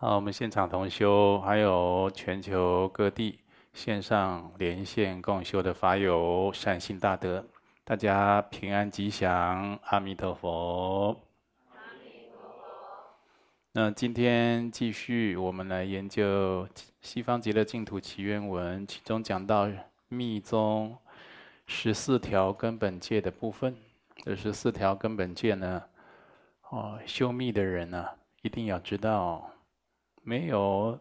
好，我們現場同修，還有全球各地線上連線共修的法友，善心大德，大家平安吉祥，阿彌陀佛。阿彌陀佛。那今天繼續，我們來研究《西方極樂淨土祈願文》，其中講到密宗十四條根本戒的部分。這十四條根本戒呢，哦，修密的人呢、啊，一定要知道、哦。沒有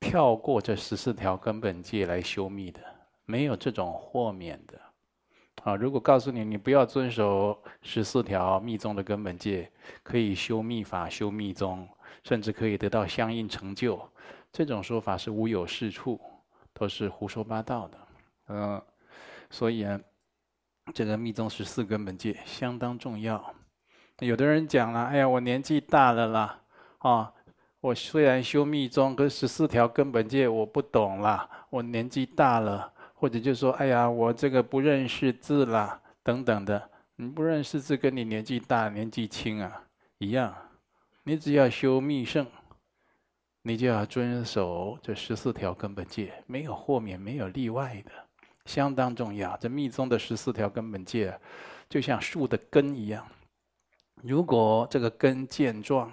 跳過這十四條根本戒來修密的，沒有這種豁免的啊！如果告訴你，你不要遵守十四條密宗的根本戒，可以修密法、修密宗，甚至可以得到相應成就，這種說法是無有是處，都是胡說八道的。嗯，所以呢，這個密宗十四根本戒相當重要。有的人講了：“哎呀，我年紀大了啦，啊。”我雖然修密宗，可是十四條根本戒我不懂了。我年紀大了，或者就說，哎呀，我這個不認識字啦，等等的。你不認識字，跟你年紀大、年紀輕啊一樣。你只要修密乘，你就要遵守這十四條根本戒，沒有豁免，沒有例外的，相當重要。這密宗的十四條根本戒，就像樹的根一樣，如果這個根健壯。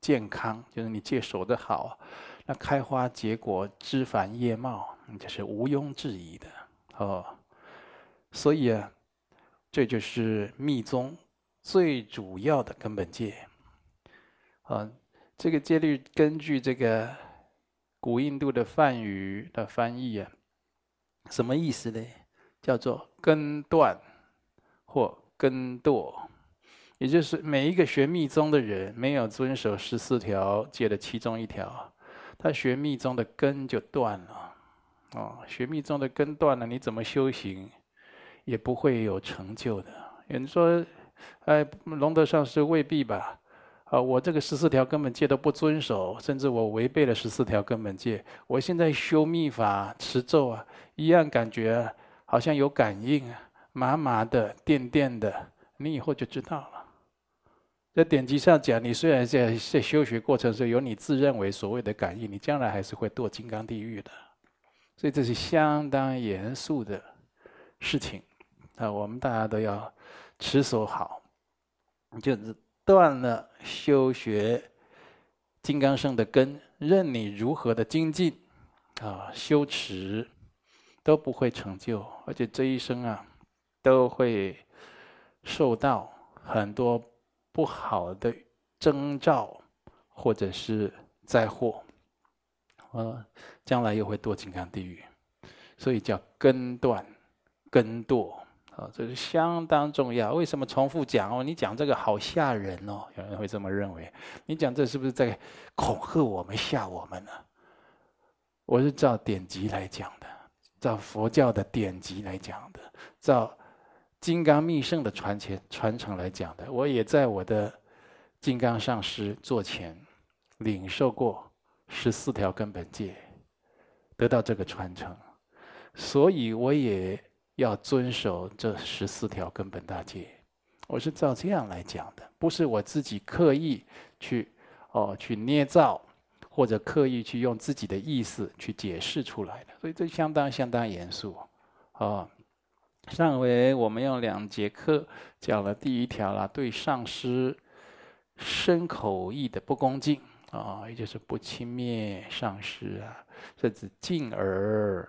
健康就是你戒守得好，那開花結果，枝繁葉茂，這是毋庸置疑的哦。所以啊，這就是密宗最主要的根本戒啊。這個戒律根據這個古印度的梵語的翻譯啊，什麼意思呢？叫做根斷或根墮。也就是每一個學密宗的人，沒有遵守十四條戒的其中一條，他學密宗的根就斷了。哦，學密宗的根斷了，你怎麼修行也不會有成就的。有人說：“哎，龍德上師未必吧？啊，我這個十四條根本戒都不遵守，甚至我違背了十四條根本戒，我現在修密法、持咒啊，一樣感覺好像有感應啊，麻麻的、電電的。”你以後就知道了。在典籍上講，你雖然在在修學過程中有你自認為所謂的感應，你將來還是會墮金剛地獄的。所以這是相當嚴肅的事情啊！我們大家都要持守好，就是斷了修學金剛乘的根，任你如何的精進啊修持，都不會成就，而且這一生啊都會受到很多。不好的徵兆，或者是災禍，啊、哦，將來又會墮金剛地獄，所以叫根斷、根墮啊、哦，這是相當重要。為什麼重複講哦？你講這個好嚇人哦，有人會這麼認為。你講這是不是在恐嚇我們、嚇我們呢？我是照典籍來講的，照佛教的典籍來講的，照金剛密乘的傳前傳承來講的，我也在我的金剛上師座前領受過十四條根本戒，得到這個傳承，所以我也要遵守這十四條根本大戒。我是照這樣來講的，不是我自己刻意去哦去捏造，或者刻意去用自己的意思去解釋出來的。所以這相當相當嚴肅啊。哦上回我們用兩節課講了第一條啦、啊，對上師身口意的不恭敬啊、哦，也就是不輕蔑上師啊，甚至進而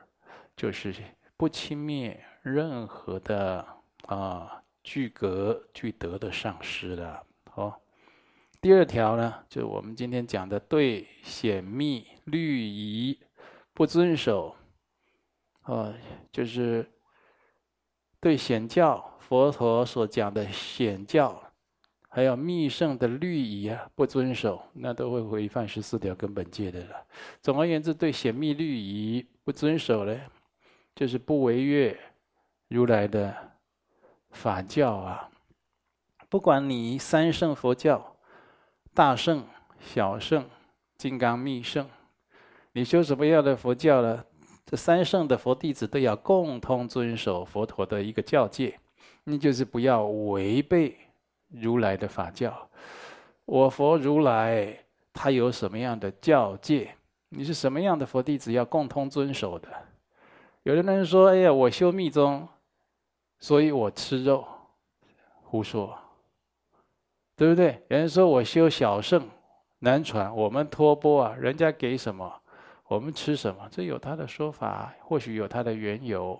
就是不輕蔑任何的啊具格、具德的上師的。好，第二條呢，就是我們今天講的對顯密律儀不遵守啊、哦，就是。對顯教佛陀所講的顯教，還有密乘的律儀啊，不遵守，那都會違反十四條根本戒的了。總而言之，對顯密律儀不遵守呢，就是不違越如來的法教啊。不管你三乘佛教、大乘、小乘、金剛密乘，你修什麼樣的佛教呢？這三聖的佛弟子都要共同遵守佛陀的一個教戒，你就是不要違背如來的法教。我佛如來他有什麼樣的教戒？你是什麼樣的佛弟子要共同遵守的？有的人說：“哎呀，我修密宗，所以我吃肉。”胡說，對不對？有人說：“我修小乘南傳，我們托缽啊，人家給什麼？”我們吃什麼？這有他的說法，或許有他的緣由，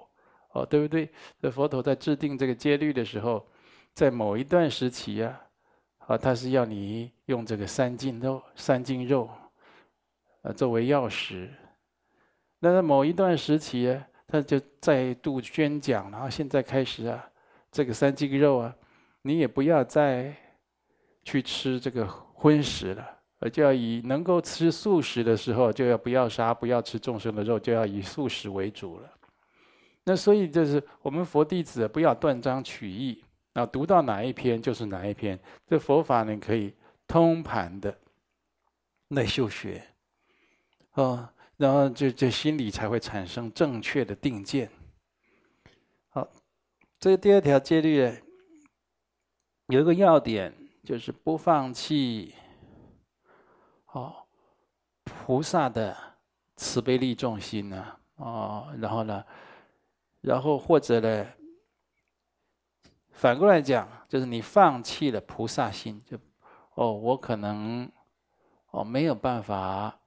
哦，對不對？這佛陀在制定這個戒律的時候，在某一段時期啊，啊，他是要你用這個三淨肉、三淨肉，啊，作為藥食。那在某一段時期啊，他就再度宣講，然後現在開始啊，這個三淨肉啊，你也不要再去吃這個葷食了。而就要以能夠吃素食的時候，就要不要殺，不要吃眾生的肉，就要以素食為主了。那所以就是我們佛弟子不要斷章取義，那讀到哪一篇就是哪一篇。這佛法呢，可以通盤的內修學，啊，然後就就心裡才會產生正確的定見。好，這第二條戒律呢，有一個要點就是不放棄，哦，菩薩的慈悲利眾心呢，啊，哦，然後呢，然後或者呢，反過來講，就是你放棄了菩薩心，就哦，我可能哦沒有辦法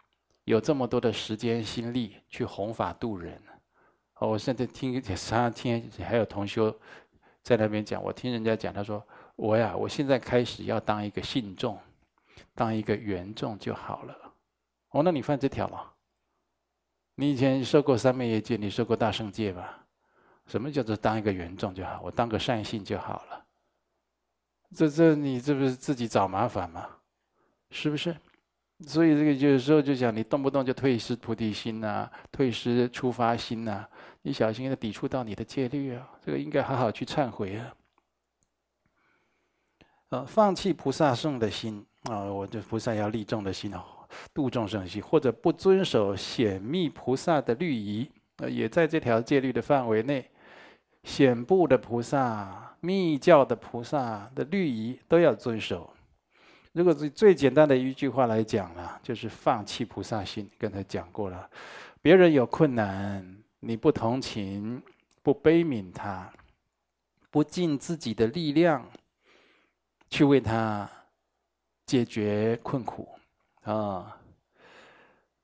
有這麼多的時間心力去弘法度人。哦，我現在聽昨天還有同修在那邊講，我聽人家講，他說，我呀，我現在開始要當一個信眾，當一個圓眾就好了，哦，那你犯這條了，哦。你以前受過三昧耶戒，你受過大聖戒吧？什麼叫做當一個圓眾就好？我當個善性就好了。這這你這不是自己找麻煩嗎？是不是？所以這個有時候就想，你動不動就退失菩提心吶，啊，退失出發心吶，啊，你小心的抵觸到你的戒律啊，哦。這個應該好好去懺悔啊。放棄菩薩聖的心。啊、哦，我這菩薩要利眾的心哦，度眾生心，或者不遵守顯密菩薩的律儀，也在這條戒律的範圍內，顯部的菩薩、密教的菩薩的律儀都要遵守。如果是最，最簡單的一句話來講了、啊，就是放棄菩薩心。剛才講過了，別人有困難，你不同情、不悲憫他，不盡自己的力量去為他。解決困苦，啊，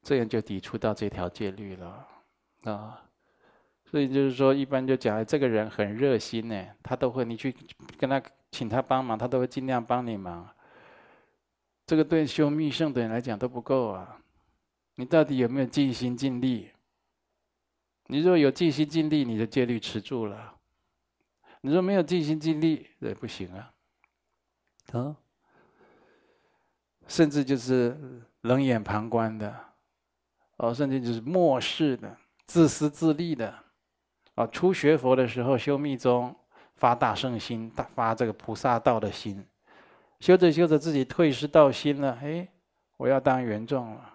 這樣就抵觸到這條戒律了，啊，所以就是說，一般就講這個人很熱心呢，他都會你去跟他請他幫忙，他都會儘量幫你忙。這個對修密聖的人來講都不夠啊，你到底有沒有盡心盡力？你若有盡心盡力，你的戒律持住了；你若沒有盡心盡力，那不行啊，啊。甚至就是冷眼旁觀的，哦，甚至就是漠視的、自私自利的，啊！初學佛的時候修密宗，發大乘心，大發這個菩薩道的心，修着修着自己退失道心了，哎，我要當緣覺了，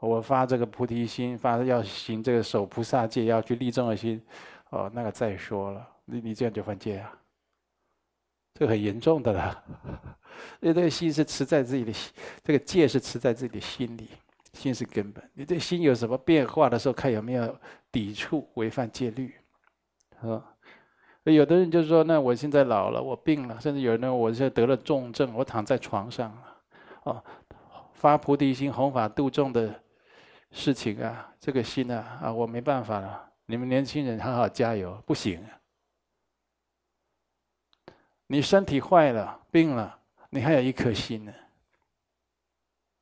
我發這個菩提心，發要行這個守菩薩戒，要去利眾的心，哦，那個再說了，你你這樣就犯戒啊！這很嚴重的了， 那這個心是持在自己的心，這個戒是持在自己的心裡，心是根本。你對心有什麼變化的時候，看有沒有抵觸、違反戒律，啊？有的人就說：“那我現在老了，我病了，甚至有人，我現在得了重症，我躺在床上了。”哦，發菩提心、弘法度眾的事情啊，這個心啊，啊，我沒辦法了。你們年輕人好好加油，不行。你身體壞了，病了，你還有一顆心呢。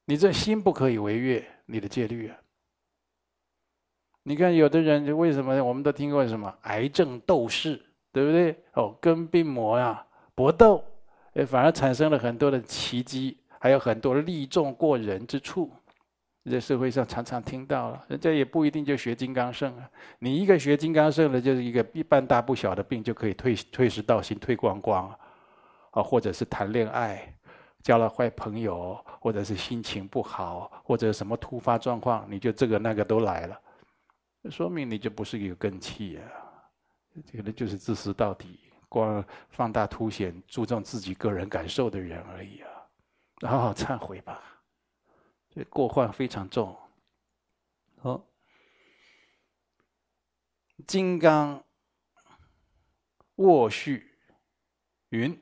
你這心不可以違越，你的戒律啊。你看有的人為什麼？我們都聽過什麼癌症鬥士，對不對？哦，跟病魔啊搏鬥，哎，反而產生了很多的奇蹟，還有很多利眾過人之處。在社會上常常聽到了，人家也不一定就學金剛乘啊。你一個學金剛乘的，就是一個一半大不小的病就可以退退失道心，退光光，啊，或者是談戀愛，交了壞朋友，或者是心情不好，或者什麼突發狀況，你就這個那個都來了，說明你就不是一個根器啊，這個就是自私到底、光放大凸顯、注重自己個人感受的人而已啊，好好懺悔吧。過患非常重，好。金剛臥續雲：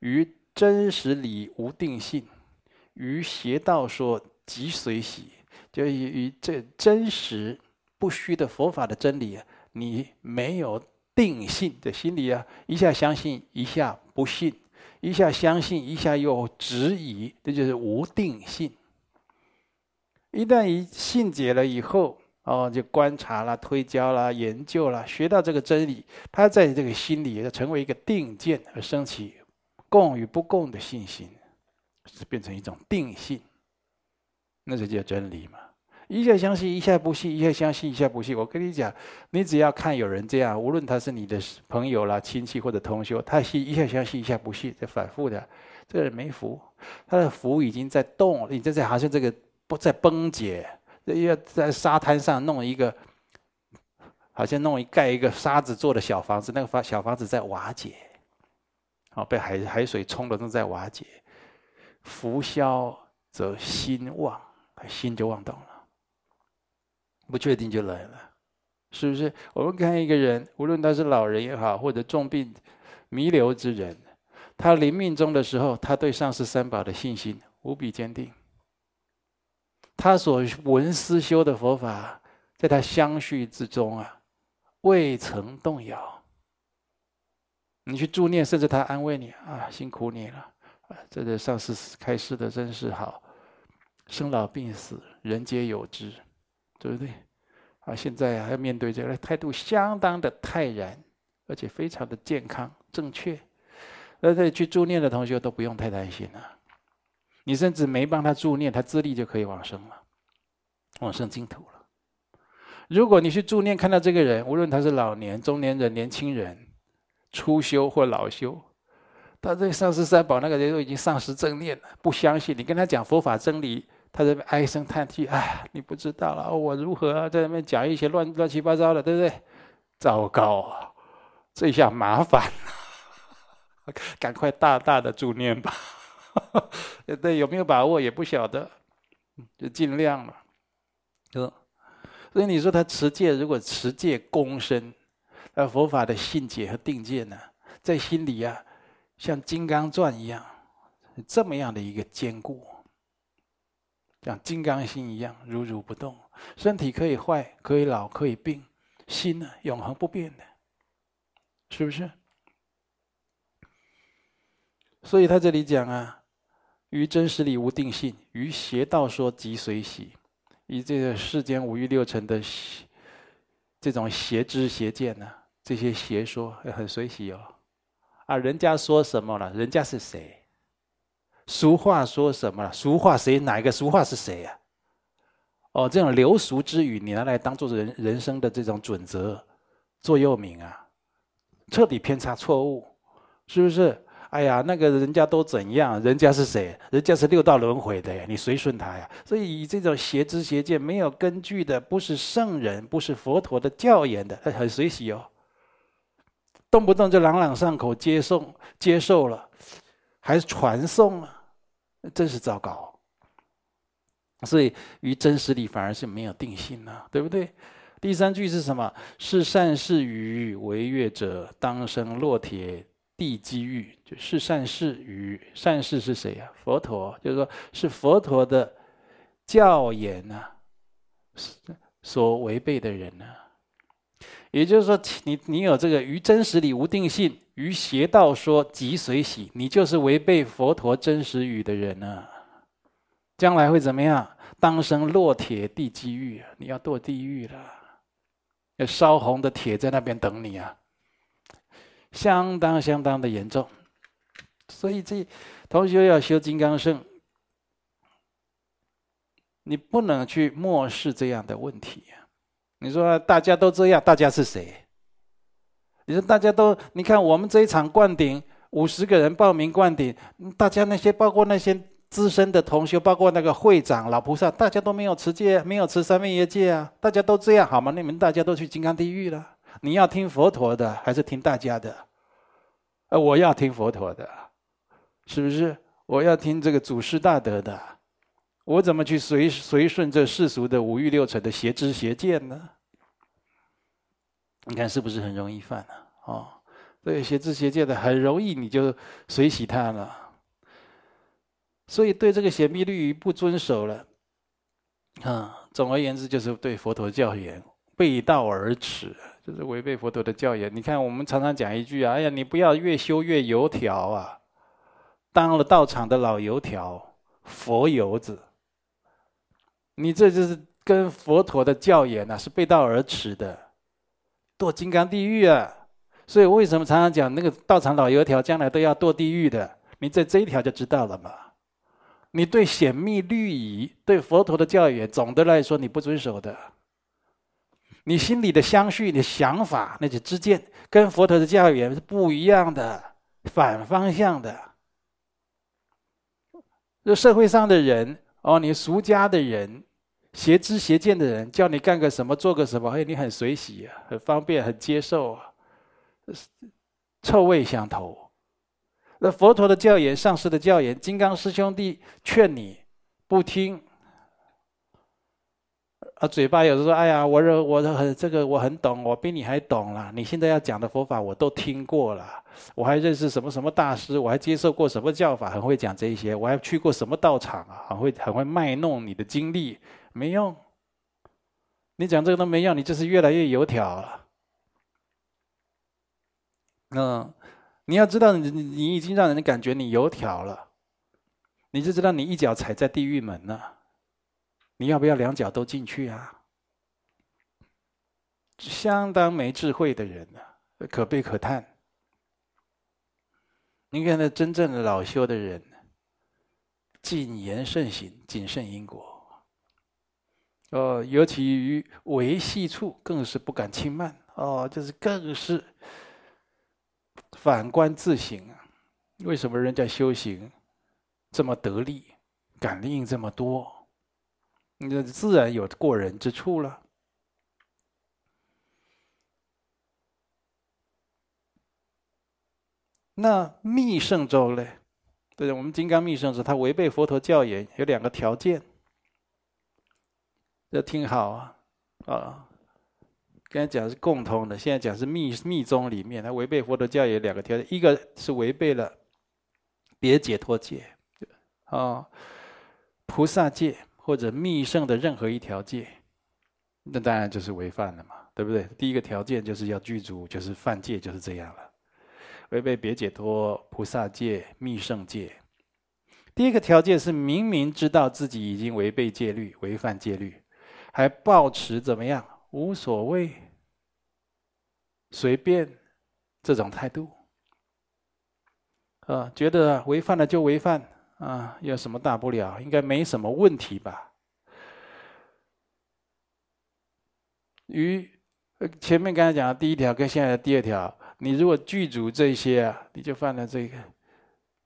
於真實理無定性，於邪道說即隨喜。就於這真實不虛的佛法的真理啊，你沒有定性的心理啊，一下相信，一下不信，一下相信，一下又有質疑，這就是無定性。一旦一信解了以後，哦，就觀察啦、推敲啦、研究啦，學到這個真理，他在這個心裡也就成為一個定見而生起共與不共的信心，是變成一種定性，那就叫真理嘛。一下相信，一下不信，一下相信，一下不信。我跟你講，你只要看有人這樣，無論他是你的朋友啦、親戚或者同修，他是一下相信，一下不信，這反覆的，這個人沒福，他的福已經在動，你這這好像這個。不再崩解，要在沙灘上弄一個，好像弄一蓋一個沙子做的小房子。那個房小房子在瓦解，好被海海水沖的正在瓦解。浮消則心妄，心就妄動了。不確定就來了，是不是？我們看一個人，無論他是老人也好，或者重病彌留之人，他臨命終的時候，他對上師三寶的信心無比堅定。他所聞思修的佛法，在他相續之中啊，未曾動搖。你去助念，甚至他安慰你啊，辛苦你了，啊，這個上師開示的真是好，生老病死，人皆有之，對不對？啊，現在還要面對這個，態度相當的泰然，而且非常的健康正確。那對去助念的同學都不用太擔心了。你甚至沒幫他助念，他自力就可以往生了，往生淨土了。如果你去助念，看到這個人，無論他是老年、中年人、年輕人，初修或老修，他對上師三寶那個人都已經喪失正念了，不相信你跟他講佛法真理，他在那邊唉聲嘆氣，哎，你不知道了，我如何、啊、在那邊講一些亂亂七八糟的，對不對？糟糕、啊，這下麻煩了， 趕快大大的助念吧。哈， 對，對，有沒有把握也不曉得，就盡量了。所以你說他持戒，如果持戒功深，那佛法的信解和定見呢，在心裡啊，像金剛鑽一樣，這麼樣的一個堅固，像金剛心一樣，如如不動。身體可以壞，可以老，可以病，心呢、啊，永恆不變的，是不是？所以他這裡講啊。於真實理無定性，於邪道說即隨喜，以這個世間五欲六塵的，這種邪知邪見呢、啊，這些邪說很隨喜哦，啊，人家說什麼了？人家是誰？俗話說什麼了？俗話誰？哪一個俗話是誰呀、啊？哦，這種流俗之語，你拿來當作人人生的這種準則、座右銘啊，徹底偏差錯誤，是不是？哎呀，那個人家都怎樣？人家是誰？人家是六道輪迴的呀！你隨順他呀！所以以這種邪知邪見、沒有根據的，不是聖人、不是佛陀的教言的，很隨喜哦。動不動就朗朗上口接送，接受接受了，還是傳送啊？真是糟糕！所以於真實理反而是沒有定心吶、啊，對不對？第三句是什麼？是善事於違越者，當生落鐵。地機遇，就是善事與善事是誰呀、啊？佛陀就是說是佛陀的教言吶、啊，所違背的人呢、啊。也就是說，你你有這個於真實理無定性，於邪道說即隨喜，你就是違背佛陀真實語的人呢、啊。將來會怎麼樣？當生落鐵地機遇啊，你要墮地獄了，有燒紅的鐵在那邊等你啊。相當相當的嚴重，所以這同學要修金剛乘，你不能去漠視這樣的問題。你說大家都這樣，大家是誰？你說大家都，你看我們這一場灌頂，五十個人報名灌頂，大家那些，包括那些資深的同學，包括那個會長、老菩薩，大家都沒有持戒，沒有持三昧耶戒啊！大家都這樣，好嗎？你們大家都去金剛地獄了？你要聽佛陀的，還是聽大家的？呃，我要聽佛陀的，是不是？我要聽這個祖師大德的，我怎麼去隨隨順這世俗的五欲六塵的邪知邪見呢？你看是不是很容易犯呢？啊？哦，對，邪知邪見的很容易，你就隨喜他了。所以對這個顯密律儀不遵守了，啊、嗯，總而言之就是對佛陀教言背道而馳。這是違背佛陀的教言。你看，我們常常講一句啊，哎呀，你不要越修越油條啊，當了道場的老油條、佛油子，你這就是跟佛陀的教言呢、啊、是背道而馳的，墮金剛地獄啊！所以為什麼常常講那個道場老油條將來都要墮地獄的？你在這一條就知道了嘛。你對顯密律儀、對佛陀的教言，總的來說你不遵守的。你心裡的相續、你的想法、那些知見，跟佛陀的教言是不一樣的，反方向的。這社會上的人哦，你俗家的人，邪知邪見的人，叫你幹個什麼、做個什麼，哎，你很隨喜啊，很方便，很接受啊，臭味相投。那佛陀的教言、上師的教言、金剛師兄弟勸你，不聽。啊，嘴巴有時候說：“哎呀，我這，我這很，這個，我很懂，我比你還懂了。你現在要講的佛法，我都聽過了。我還認識什麼什麼大師，我還接受過什麼教法，很會講這些。我還去過什麼道場啊，很會很會賣弄你的經歷，沒用。你講這個都沒用，你就是越來越油條了。嗯，你要知道，你你已經讓人感覺你油條了，你就知道你一腳踩在地獄門了。”你要不要兩腳都進去啊？相當沒智慧的人啊，可悲可嘆。你看那真正老修的人，謹言慎行，謹慎因果。哦，尤其於微細處，更是不敢輕慢。哦，就是更是反觀自省，為什麼人家修行這麼得力，感應這麼多？那自然有過人之處了。那密乘咒嘞？對的，我們金剛密乘咒，它違背佛陀教言，有兩個條件。要聽好啊！啊，剛才講是共同的，現在講是密密宗裡面，它違背佛陀教言兩個條件，一個是違背了別解脫戒，啊，菩薩戒。或者密乘的任何一條戒，那當然就是違犯了嘛，對不對？第一個條件就是要具足，就是犯戒就是這樣了，違背別解脫、菩薩戒、密乘戒。第一個條件是明明知道自己已經違背戒律、違反戒律，還抱持怎麼樣？無所謂、隨便這種態度，呃，覺得違犯了就違犯。啊，有什麼大不了？應該沒什麼問題吧？於前面剛才講的第一條跟現在的第二條，你如果具足這些，啊，你就犯了這個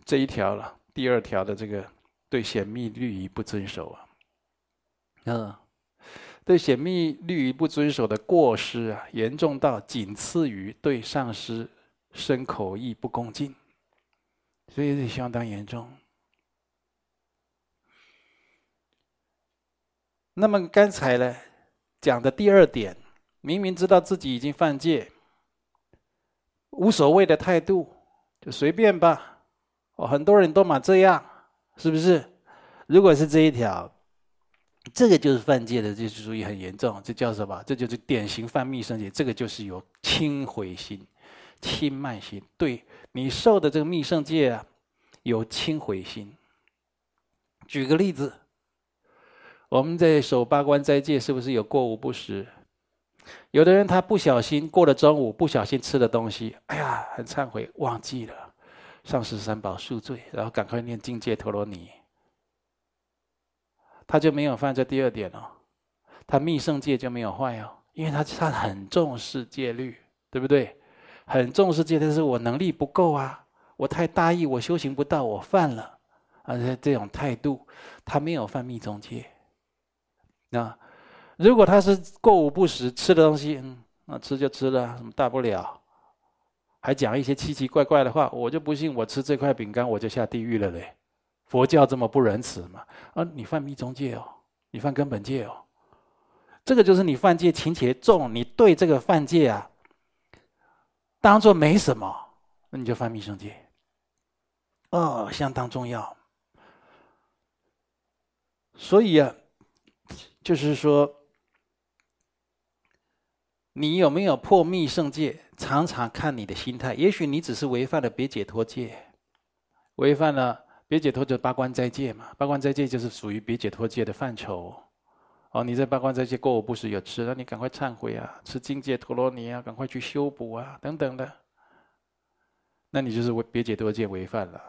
這一條了。第二條的這個對顯密律儀不遵守啊，嗯，對顯密律儀不遵守的過失啊，嚴重到僅次於對上師身口意不恭敬，所以是相當嚴重。那麼剛才呢，講的第二點，明明知道自己已經犯戒，無所謂的態度，就隨便吧。哦，很多人都嘛這樣，是不是？如果是這一條，這個就是犯戒的，就是屬於很嚴重，這叫什麼？這就是典型犯密乘戒，這個就是有輕毀心、輕慢心，對你受的這個密乘戒啊，有輕毀心。舉個例子。我們在守八關齋戒，是不是有過午不食？有的人他不小心過了中午，不小心吃了東西，哎呀，很懺悔，忘記了，上師三寶恕罪，然後趕快念淨戒陀羅尼，他就沒有犯這第二點哦，他密乘戒就沒有壞哦，因為他他很重視戒律，對不對？很重視戒律，但是我能力不夠啊，我太大意，我修行不到，我犯了，而且這種態度，他沒有犯密宗戒。那，嗯，如果他是過午不食，吃的東西，嗯，那吃就吃了，什麼大不了，還講一些奇奇怪怪的話，我就不信我吃這塊餅乾我就下地獄了嘞，佛教這麼不仁慈嗎？啊，你犯密宗戒哦，你犯根本戒哦，這個就是你犯戒情節重，你對這個犯戒啊，當做沒什麼，那你就犯密宗戒，哦，相當重要，所以啊。就是說，你有沒有破密聖戒？常常看你的心態。也許你只是違犯了別解脫戒，違犯了別解脫就是八關齋戒嘛。八關齋戒就是屬於別解脫戒的範疇。哦，你在八關齋戒過午不食有吃，那你趕快懺悔啊！吃淨戒陀羅尼啊，趕快去修補啊，等等的。那你就是為別解脫戒違犯了，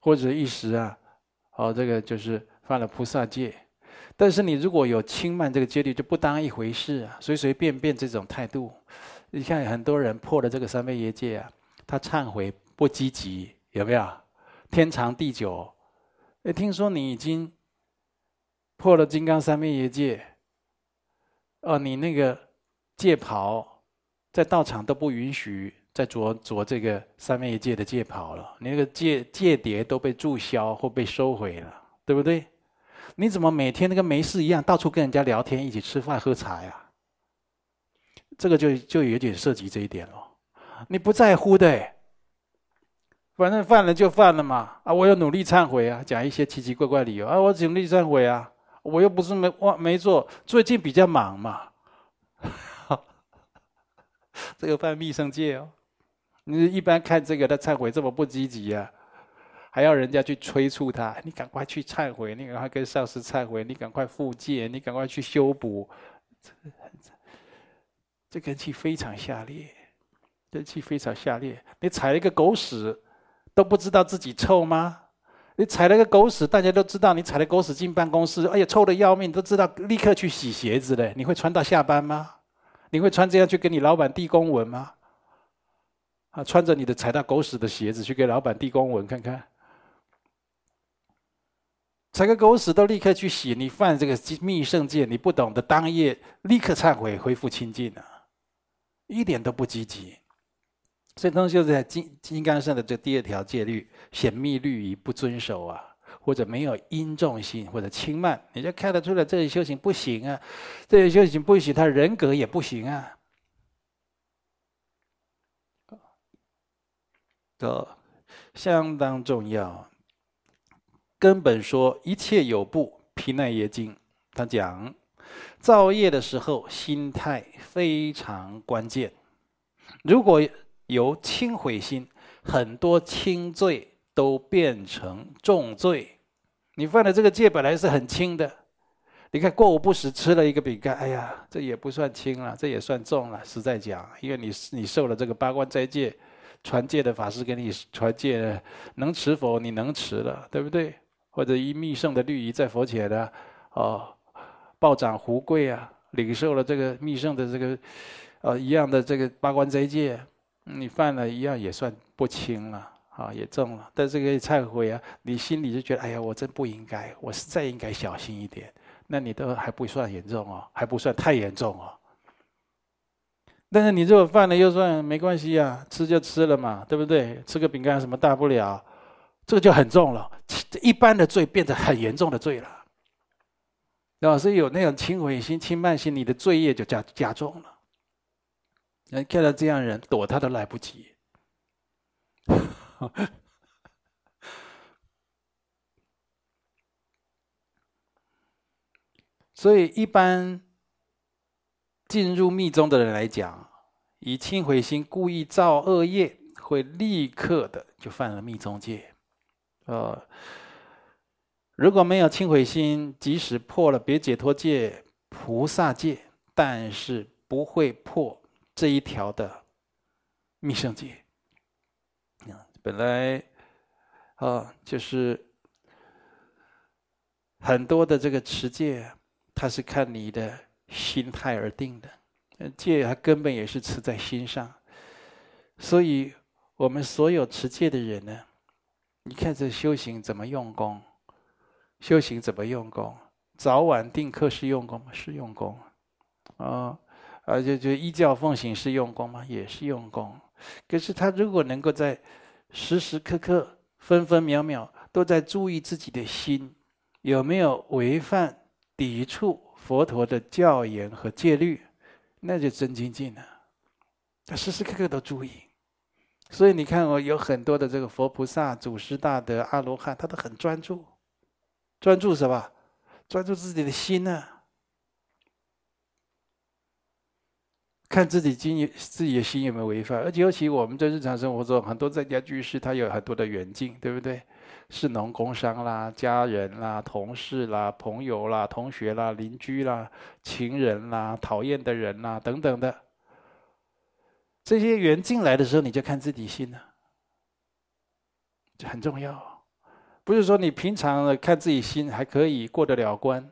或者一時啊，哦，這個就是犯了菩薩戒。但是你如果有輕慢這個戒律，就不當一回事，啊，隨隨便便這種態度。你像很多人破了這個三昧耶戒啊，他懺悔不積極，有沒有？天長地久、哎。聽說你已經破了金剛三昧耶戒。哦，你那個戒袍在道場都不允許再着着這個三昧耶戒的戒袍了，你那個戒戒牒都被注銷或被收回了，對不對？你怎麼每天跟沒事一樣，到處跟人家聊天，一起吃飯喝茶呀，啊？這個就就有點涉及這一點嘍，哦。你不在乎的，哎，反正犯了就犯了嘛。啊，我有努力懺悔啊，講一些奇奇怪怪理由啊，我盡力懺悔啊。我又不是沒忘沒做，最近比較忙嘛。 這個犯密乘戒哦，你一般看這個他懺悔這麼不積極呀、啊？還要人家去催促他，你趕快去懺悔，你趕快跟上司懺悔，你趕快復健，你趕快去修補。這這，這根器非常下劣，這根器非常下劣。你踩了一個狗屎，都不知道自己臭嗎？你踩了一個狗屎，大家都知道你踩了狗屎進辦公室，哎呀，臭的要命，都知道立刻去洗鞋子嘞。你會穿到下班嗎？你會穿這樣去給你老板遞公文嗎？啊，穿着你的踩到狗屎的鞋子去給老板遞公文，看看。踩個狗屎都立刻去洗，你犯這個密聖戒，你不懂得當夜立刻懺悔恢復清淨啊，一點都不積極。這東西就在金金剛乘的這第二條戒律，顯密律儀不遵守啊，或者沒有殷重心，或者輕慢，你就看得出來，這些修行不行啊，這些修行不行，他人格也不行啊，都相當重要。根本說一切有部毗奈耶經，他講造業的時候心態非常關鍵。如果有輕毀心，很多輕罪都變成重罪。你犯的這個戒本來是很輕的，你看過午不食，吃了一個餅乾，哎呀，這也不算輕了，這也算重了。實在講，因為你你受了這個八關齋戒，傳戒的法師給你傳戒，能持否？你能持了，對不對？或者以密乘的律儀，在佛前的，哦，合掌胡跪啊，領受了這個密乘的這個，呃，一樣的這個八關齋戒，你犯了一樣也算不輕了，啊、哦，也重了。但是可以懺悔啊，你心裡就覺得，哎呀，我真不應該，我實在應該小心一點。那你都還不算嚴重哦，還不算太嚴重哦。但是你如果犯了，又算沒關係啊，吃就吃了嘛，對不對？吃個餅乾什麼大不了。這個就很重了，一般的罪變成很嚴重的罪了，對吧？所以有那種輕毀心、輕慢心，你的罪業就加加重了。能看到這樣的人，躲他都來不及。所以，一般進入密宗的人來講，以輕毀心故意造惡業，會立刻的就犯了密宗戒。呃、哦，如果沒有清慧心，即使破了別解脫戒、菩薩戒，但是不會破這一條的密乘戒、嗯。本來，呃、哦，就是很多的這個持戒，它是看你的心態而定的。戒它根本也是持在心上，所以我們所有持戒的人呢。你看這修行怎麼用功？修行怎麼用功？早晚定課是用功嗎？是用功，啊、哦、啊！就就依教奉行是用功嗎？也是用功。可是他如果能夠在時時刻刻、分分秒秒，都在注意自己的心，有沒有違反、抵觸佛陀的教言和戒律，那就真精進了。他時時刻刻都注意。所以你看，我有很多的這個佛菩薩、祖師大德、阿羅漢，他都很專注。專注什麼？專注自己的心呢、啊，看自己經營自己的心有沒有違法。而且尤其我們在日常生活中，很多在家居士，他有很多的遠近，對不對？是農工商啦、家人啦、同事啦、朋友啦、同學啦、鄰居啦、情人啦、討厭的人啦等等的。這些緣境來的時候，你就看自己心了，這很重要。不是說你平常看自己心還可以過得了關，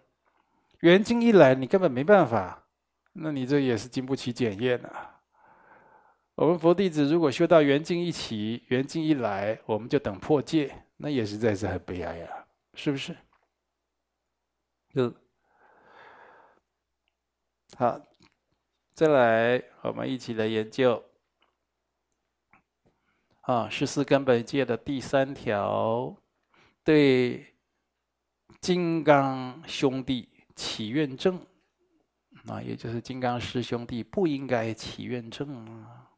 緣境一來，你根本沒辦法，那你這也是經不起檢驗的。我們佛弟子如果修到緣境一起，緣境一來，我們就等破戒，那也實在是很悲哀啊！是不是？嗯，好。再來，我們一起來研究啊，十四根本戒的第三條，對金剛兄弟起怨諍，啊，也就是金剛師兄弟不應該起怨諍啊。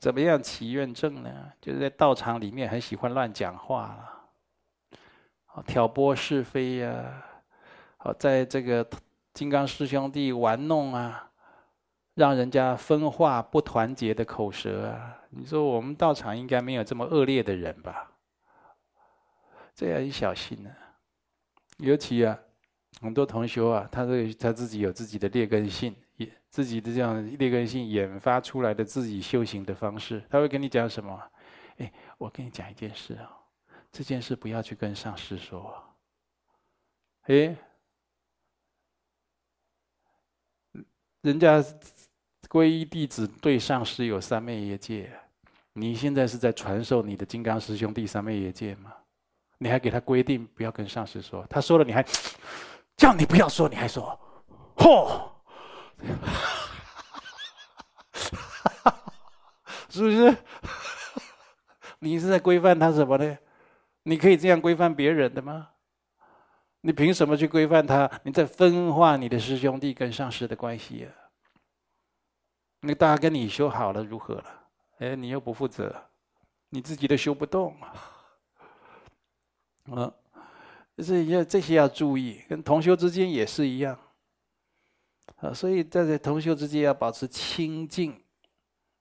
怎麼樣起怨諍呢？就是在道場裡面很喜歡亂講話了，啊，挑撥是非呀，啊，在這個金剛師兄弟玩弄，啊。讓人家分化不團結的口舌，啊，你說我們道場應該沒有這麼惡劣的人吧？這要你小心呢，啊，尤其啊，很多同學啊，他對他自己有自己的劣根性，也自己的這樣劣根性引發出來的自己修行的方式，他會跟你講什麼？哎，我跟你講一件事啊，這件事不要去跟上師說，哎。人家皈依弟子對上師有三昧耶戒，你現在是在傳授你的金剛師兄弟三昧耶戒嗎？你還給他規定不要跟上師說，他說了你還叫你不要說，你還說，嚯，是不是？你是在規範他什麼呢？你可以這樣規範別人的嗎？你憑什麼去規範他？你在分化你的師兄弟跟上師的關係啊？那大家跟你修好了如何了？哎，你又不負責，你自己都修不動啊！所以要這些要注意，跟同修之間也是一樣啊。所以在這同修之間要保持清淨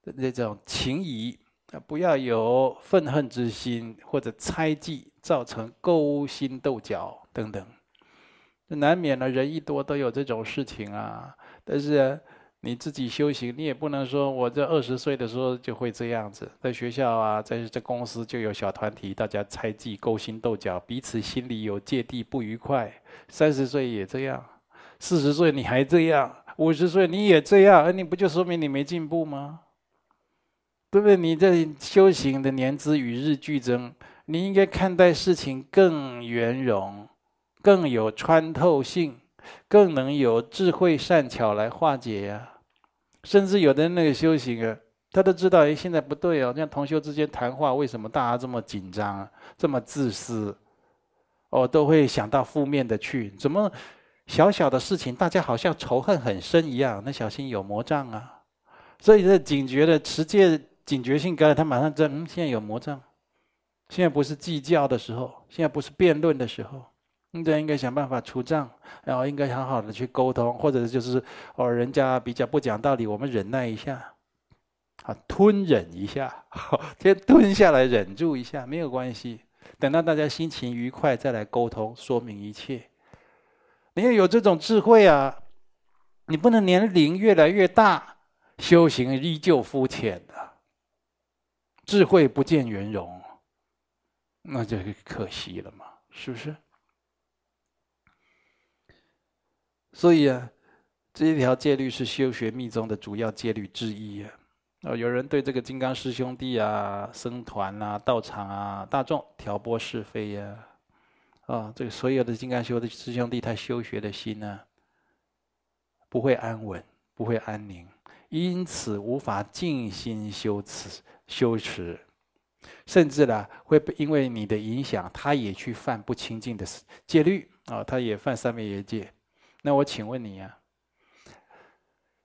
的那種情誼。不要有憤恨之心或者猜忌，造成勾心鬥角等等。這難免呢，人一多都有這種事情啊。但是啊，你自己修行，你也不能說我這二十歲的時候就會這樣子，在學校啊，在這公司就有小團體，大家猜忌、勾心鬥角，彼此心裡有芥蒂、不愉快。三十歲也這樣，四十歲你還這樣，五十歲你也這樣，那你不就說明你沒進步嗎？對不對？你在修行的年資與日俱增，你應該看待事情更圓融，更有穿透性，更能有智慧善巧來化解呀、啊。甚至有的人那個修行啊，他都知道，哎，現在不對哦。像同學之間談話，為什麼大家這麼緊張、這麼自私？哦，都會想到負面的去。怎麼小小的事情，大家好像仇恨很深一樣？那小心有魔障啊。所以這警覺的持戒。警覺性高，他馬上知道，嗯，現在有魔障，現在不是計較的時候，現在不是辯論的時候，大家應該想辦法除障，然後應該好好的去溝通，或者就是哦，人家比較不講道理，我們忍耐一下，啊，吞忍一下，先吞下來忍住一下，沒有關係，等到大家心情愉快再來溝通，說明一切。你要有這種智慧啊，你不能年齡越來越大，修行依舊膚淺。智慧不見圓融，那就可惜了嘛？是不是？所以啊，這一條戒律是修學密宗的主要戒律之一啊、哦！有人對這個金剛師兄弟啊、僧團啊，道場啊、大眾挑撥是非呀、啊，啊、哦，這個所有的金剛修的師兄弟，他修學的心呢、啊，不會安穩，不會安寧，因此無法靜心修持。修持，甚至呢，會被因為你的影響，他也去犯不清淨的戒律啊，他也犯三昧耶戒。那我請問你呀、啊，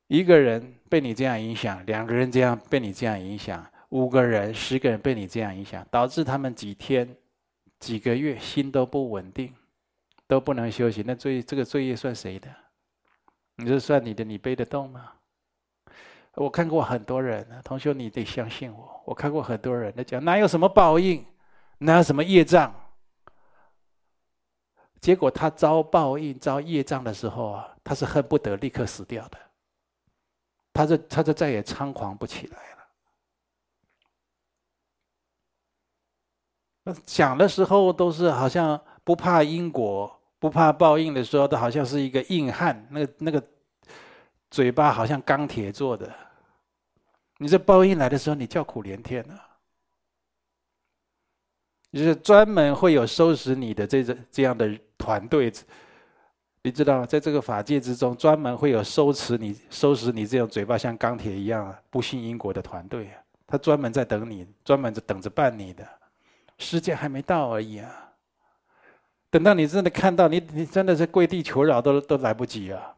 一個人被你這樣影響，兩個人這樣被你這樣影響，五個人、十個人被你這樣影響，導致他們幾天、幾個月心都不穩定，都不能休息，那罪這個罪業算誰的？你是算你的，你背得動嗎？我看過很多人，同學，你得相信我。我看過很多人在講哪有什麼報應，哪有什麼業障。結果他遭報應、遭業障的時候啊，他是恨不得立刻死掉的。他就他就再也猖狂不起來了。那講的時候都是好像不怕因果、不怕報應的時候，他好像是一個硬漢，那那個嘴巴好像鋼鐵做的。你這報應來的時候，你叫苦連天啊。就是專門會有收拾你的這種這樣的團隊，你知道嗎？在這個法界之中，專門會有收拾你、收拾你這種嘴巴像鋼鐵一樣不信因果的團隊啊。他專門在等你，專門在等着辦你的時間還沒到而已啊。等到你真的看到，你你真的是跪地求饒都都來不及啊。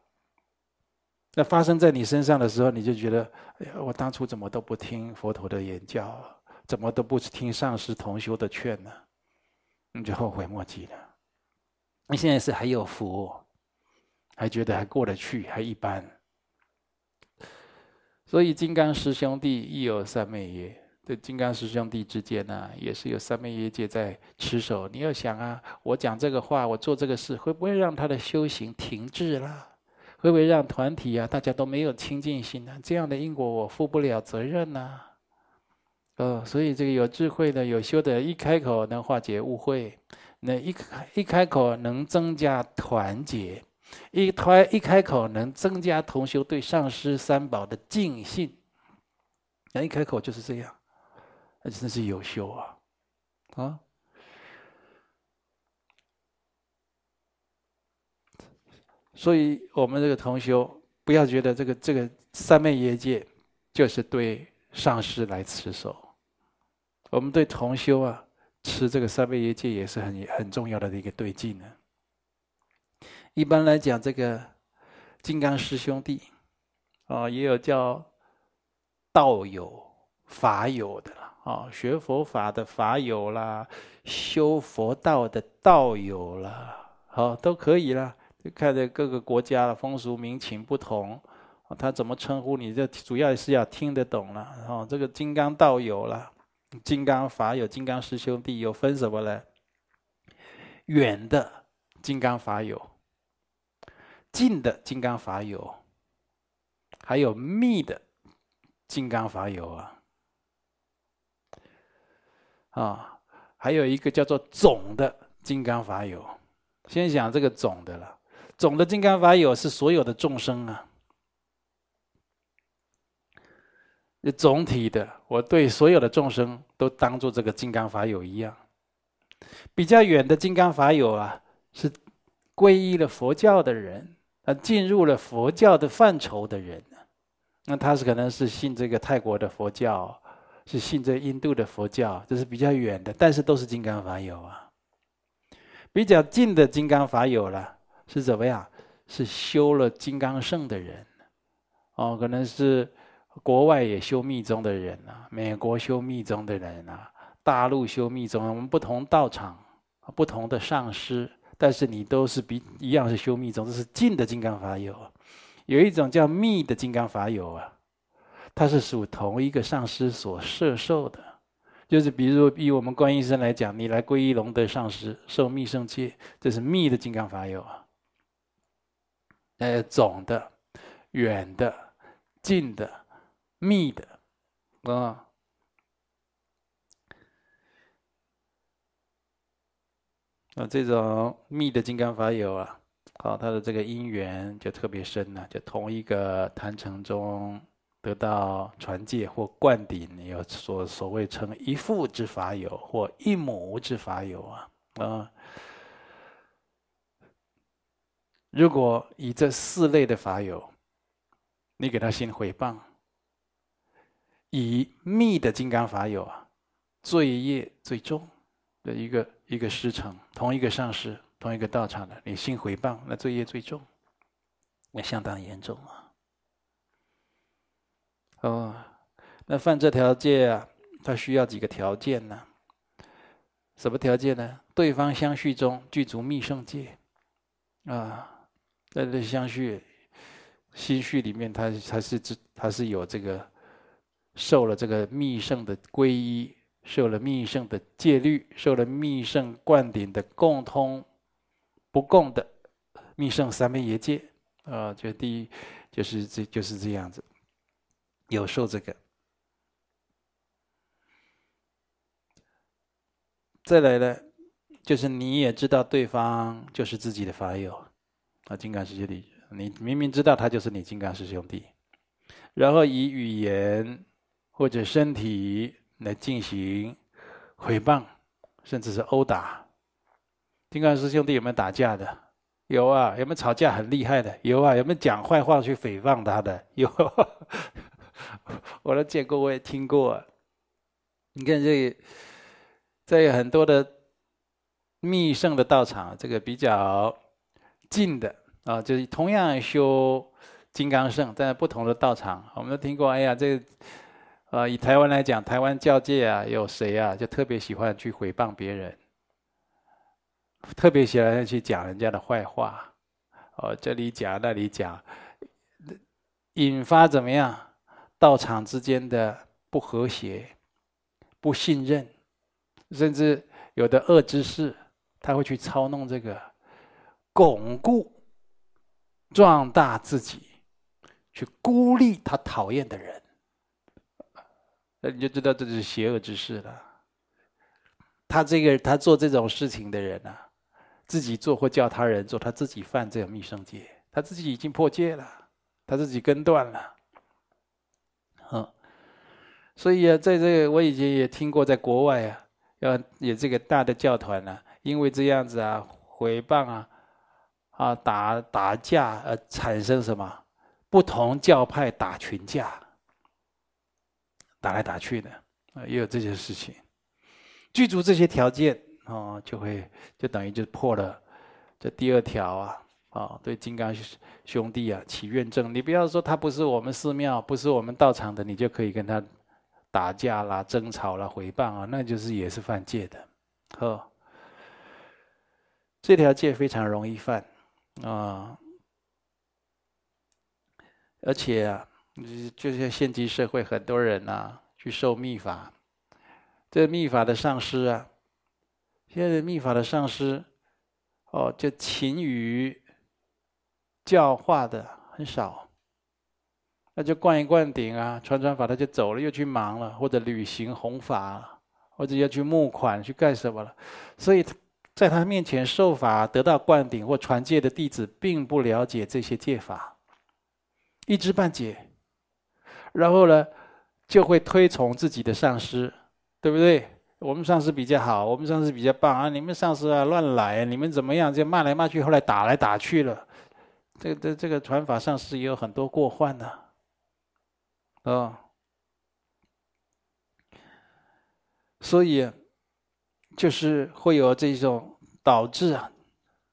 那發生在你身上的時候，你就覺得，哎呀，我當初怎麼都不聽佛陀的言教啊，怎麼都不聽上師同修的勸呢啊？你就後悔莫及了。那現在是還有福，還覺得還過得去，還一般。所以金剛師兄弟亦有三昧耶，對金剛師兄弟之間呢啊，也是有三昧耶戒在持守。你要想啊，我講這個話，我做這個事，會不會讓他的修行停滯啦？會不會讓團體啊，大家都沒有清淨心呢、啊？這樣的因果我負不了責任呢、啊。呃、哦，所以這個有智慧的、有修的，一開口能化解誤會，那一開一開口能增加團結，一開一開口能增加同修對上師三寶的敬信。那一開口就是這樣，那真是有修啊，啊！所以，我們這個同修不要覺得這個這個三昧耶戒就是對上師來持守，我們對同修啊，持這個三昧耶戒也是很很重要的一個對境呢。一般來講，這個金剛師兄弟啊，也有叫道友、法友的啦，啊，學佛法的法友啦，修佛道的道友啦，好都可以啦。就看這各個國家的風俗民情不同，他怎麼稱呼你？這主要是要聽得懂了。然後這個金剛道友了，金剛法友，金剛師兄弟又分什麼呢？遠的金剛法友，近的金剛法友，還有密的金剛法友啊！啊，還有一個叫做總的金剛法友。先講這個總的了。總的金剛法友是所有的眾生啊，總體的，我對所有的眾生都當作這個金剛法友一樣。比較遠的金剛法友啊，是皈依了佛教的人，啊，進入了佛教的範疇的人，那他是可能是信這個泰國的佛教，是信這個印度的佛教，這是比較遠的，但是都是金剛法友啊。比較近的金剛法友了啊。是怎麼樣？是修了金剛乘的人哦，可能是國外也修密宗的人啊，美國修密宗的人啊，大陸修密宗，啊，我們不同道場、不同的上師，但是你都是比一樣是修密宗，這是近的金剛法友。有一種叫密的金剛法友啊，他是屬同一個上師所攝受的，就是比如說以我們觀音山來講，你來皈依龍德上師受密乘戒，這是密的金剛法友啊。哎、呃，總的、遠的、近的、密的，啊、嗯，那這種密的金剛法友啊，好，他的這個因緣就特別深了，啊，就同一個壇城中得到傳戒或灌頂，有所所謂稱一父之法友或一母之法友啊，啊、嗯。如果以這四類的法友，你給他信毀謗，以密的金剛法友啊，罪業最重的一個一個師承，同一個上師，同一個道場的，你信毀謗，那罪業最重，那相當嚴重啊。哦，那犯這條戒啊，他需要幾個條件呢？什麼條件呢？對方相續中具足密聖戒啊。在這相續、心續裡面，他他是這他是有這個受了這個密乘的皈依，受了密乘的戒律，受了密乘灌頂的共通、不共的密乘三昧耶戒，啊，就第一就是這就是這樣子，有受這個。再來呢，就是你也知道對方就是自己的法友。啊，金剛師兄弟，你明明知道他就是你金剛師兄弟，然後以語言或者身體來進行誹謗，甚至是毆打。金剛師兄弟有沒有打架的？有啊。有沒有吵架很厲害的？有啊。有沒有講壞話去誹謗他的？有、啊。 我都見過，我也聽過。你看這，在很多的密聖的道場，這個比較近的。啊、哦，就是同樣修金剛乘，在不同的道場，我們都聽過。哎呀，這個，呃，以台灣來講，台灣教界啊，有誰啊，就特別喜歡去誹謗別人，特別喜歡去講人家的壞話，哦，這裡講那裡講，引發怎麼樣道場之間的不和諧、不信任，甚至有的惡知識，他會去操弄這個，鞏固、壯大自己，去孤立他討厭的人，那你就知道這是邪惡之事了。他這個，他做這種事情的人呢、啊，自己做或叫他人做，他自己犯這個密生戒，他自己已經破戒了，他自己根斷了。所以啊，在這個，我以前也聽過，在國外啊，有有這個大的教團呢、啊，因為這樣子啊，毀謗啊。啊，打打架，呃，產生什麼不同教派打群架，打來打去的，啊、呃，也有這些事情。具足這些條件，啊、哦，就會就等於就破了這第二條啊，啊、哦，對金剛兄弟啊起怨諍，你不要說他不是我們寺廟，不是我們道場的，你就可以跟他打架啦、爭吵啦、毀謗啊，那就是也是犯戒的，呵、哦。這條戒非常容易犯。啊、哦，而且啊，就像現今社會很多人啊，去受密法，這密法的上師啊，現在的密法的上師，哦，就勤於教化的很少，那就灌一灌頂啊，傳傳法他就走了，又去忙了，或者旅行弘法，或者要去募款去幹什麼了，所以。在他面前受法得到灌頂或傳戒的弟子，並不了解這些戒法，一知半解，然後呢，就會推崇自己的上師，對不對？我們上師比較好，我們上師比較棒啊！你們上師啊，亂來！你們怎麼樣？就罵來罵去，後來打來打去了。這這這個傳法上師也有很多過患呢，嗯，所以就是會有這種。導致啊，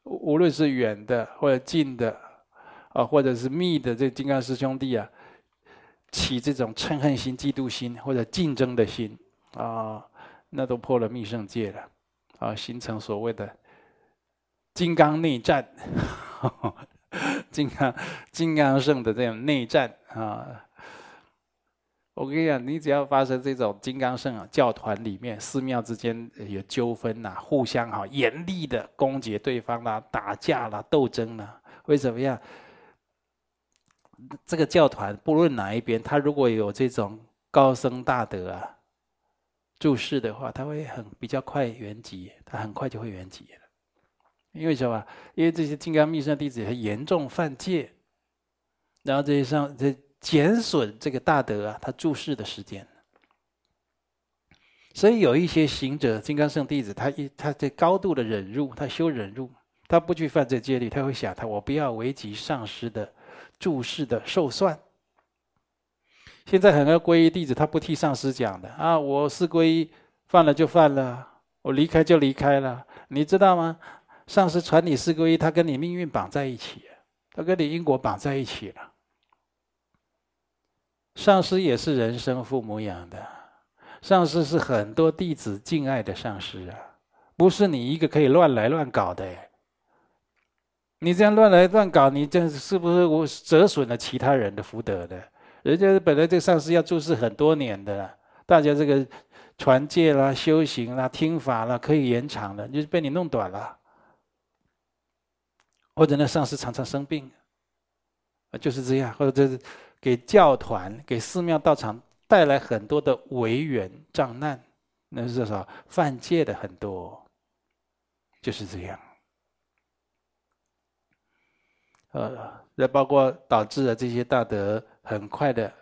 無論是遠的或者近的，啊，或者是密的，這金剛師兄弟啊，起這種嗔恨心、嫉妒心或者競爭的心啊，那都破了密乘戒了，啊，形成所謂的金剛內戰，金剛金剛乘的這種內戰啊。我跟你講，你只要發生這種金剛聖教團裡面寺廟之間有糾紛吶，互相哈嚴厲的攻擊對方啦，打架啦，鬥爭啦，為什麼呀？這個教團不論哪一邊，他如果有這種高僧大德啊，住世的話，他會很比較快圓寂，他很快就會圓寂了。因為什麼？因為這些金剛密乘弟子很嚴重犯戒，然後這些上這。減損這個大德啊，他住世的時間。所以有一些行者、金剛聖弟子，他一他在高度的忍辱，他修忍辱，他不去犯這戒律，他會想他，我不要危及上師的住世的壽算。現在很多皈依弟子，他不替上師講的啊，我四皈依，犯了就犯了，我離開就離開了，你知道嗎？上師傳你四皈依，他跟你命運綁在一起，他跟你因果綁在一起了。上師也是人生父母養的，上師是很多弟子敬愛的上師啊，不是你一個可以亂來亂搞的。你這樣亂來亂搞，你這是不是我折損了其他人的福德的？人家本來這個上師要住世很多年的，大家這個傳戒啦、修行啦、聽法啦，可以延長的，就是被你弄短了。或者呢，上師常常生病，啊就是這樣，或者。給教團、給寺廟道場帶來很多的違緣障難，那是多少，犯戒的很多，就是這樣。呃，那包括導致了這些大德很快的，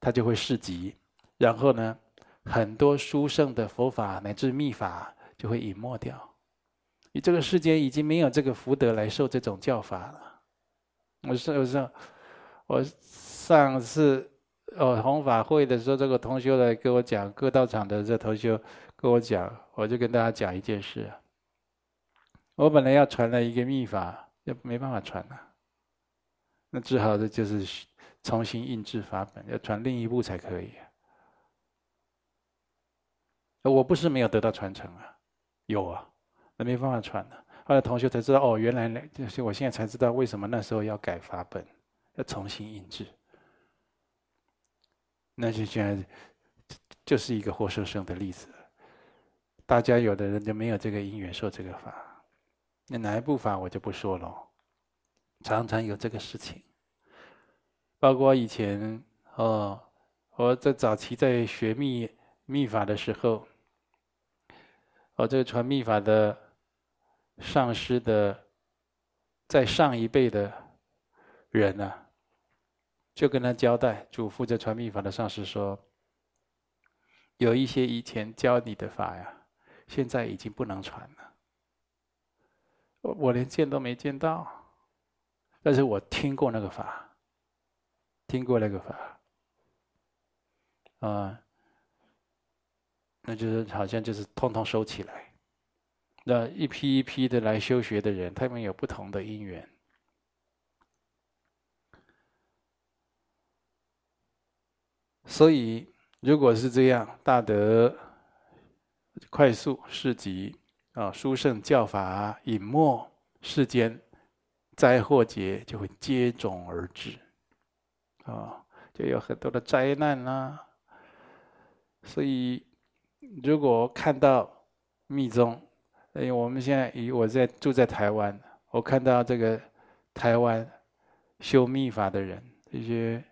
他就會示寂，然後呢，很多殊勝的佛法乃至密法就會隱沒掉，你這個世間已經沒有這個福德來受這種教法了。我是我是。我上次哦，弘法會的時候，這個同修來跟我講，各道場的這同修跟我講，我就跟大家講一件事啊。我本來要傳了一個祕法，要沒辦法傳了。那只好的就是重新印製法本，要傳另一部才可以。我不是沒有得到傳承啊，有啊，那沒辦法傳的。後來同修才知道，哦，原來就是我現在才知道為什麼那時候要改法本。要重新印製，那就講，就是一個活生生的例子。大家有的人就沒有這個因緣受這個法，那哪一部法我就不說了。常常有這個事情，包括以前哦，我在早期在學密密法的時候，我這個傳密法的上師的，在上一輩的人呢、啊。就跟他交代，囑咐這傳密法的上師說：“有一些以前教你的法呀，現在已經不能傳了。我我連見都沒見到，但是我聽過那個法，聽過那個法。啊，那就是好像就是通通收起來。那一批一批的來修學的人，他們有不同的因緣。”所以，如果是這樣，大德、快速、市集啊、殊勝教法隱沒，世間災禍劫就會接踵而至，啊，就有很多的災難啦、啊。所以，如果看到密宗，哎，我們現在以我在住在台灣，我看到這個台灣修密法的人，這些。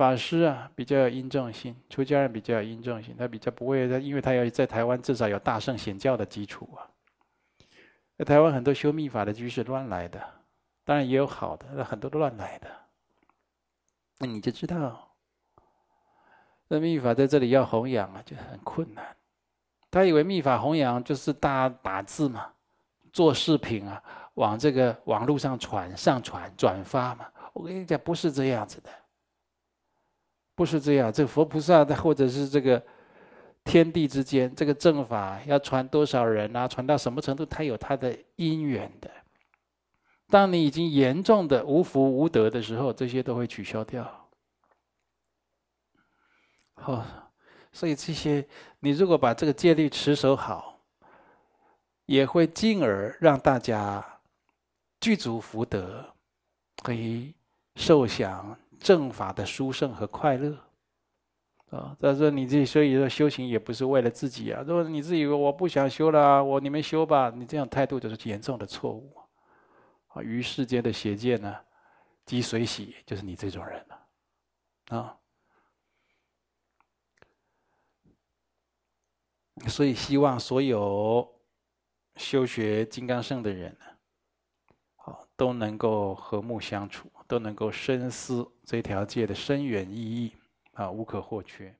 法師啊，比較有因重性；出家人比較有因重性，他比較不會。他因為他要在台灣，至少有大乘顯教的基礎啊。在台灣很多修密法的居士亂來的，當然也有好的，那很多都亂來的。那你就知道，那密法在這裡要弘揚啊，就很困難。他以為密法弘揚就是大打,打字嘛，做視頻啊，往這個網絡上傳、上傳、轉發嘛。我跟你講，不是這樣子的。不是這樣，這個佛菩薩，的或者是這個天地之間，這個正法要傳多少人啊，傳到什麼程度？他有他的因緣的。當你已經嚴重的無福無德的時候，這些都會取消掉。好、哦，所以這些你如果把這個戒律持守好，也會進而讓大家具足福德，可以受享，正法的殊勝和快樂，啊！再說你這所以說修行也不是為了自己啊！如果你自己說我不想修了，啊，我你們修吧，你這種態度就是嚴重的錯誤啊！於世間的邪見呢，即隨喜，就是你這種人了啊，哦！所以希望所有修學金剛乘的人呢，好都能夠和睦相處。都能夠深思這條戒的深遠意義，啊，無可或缺。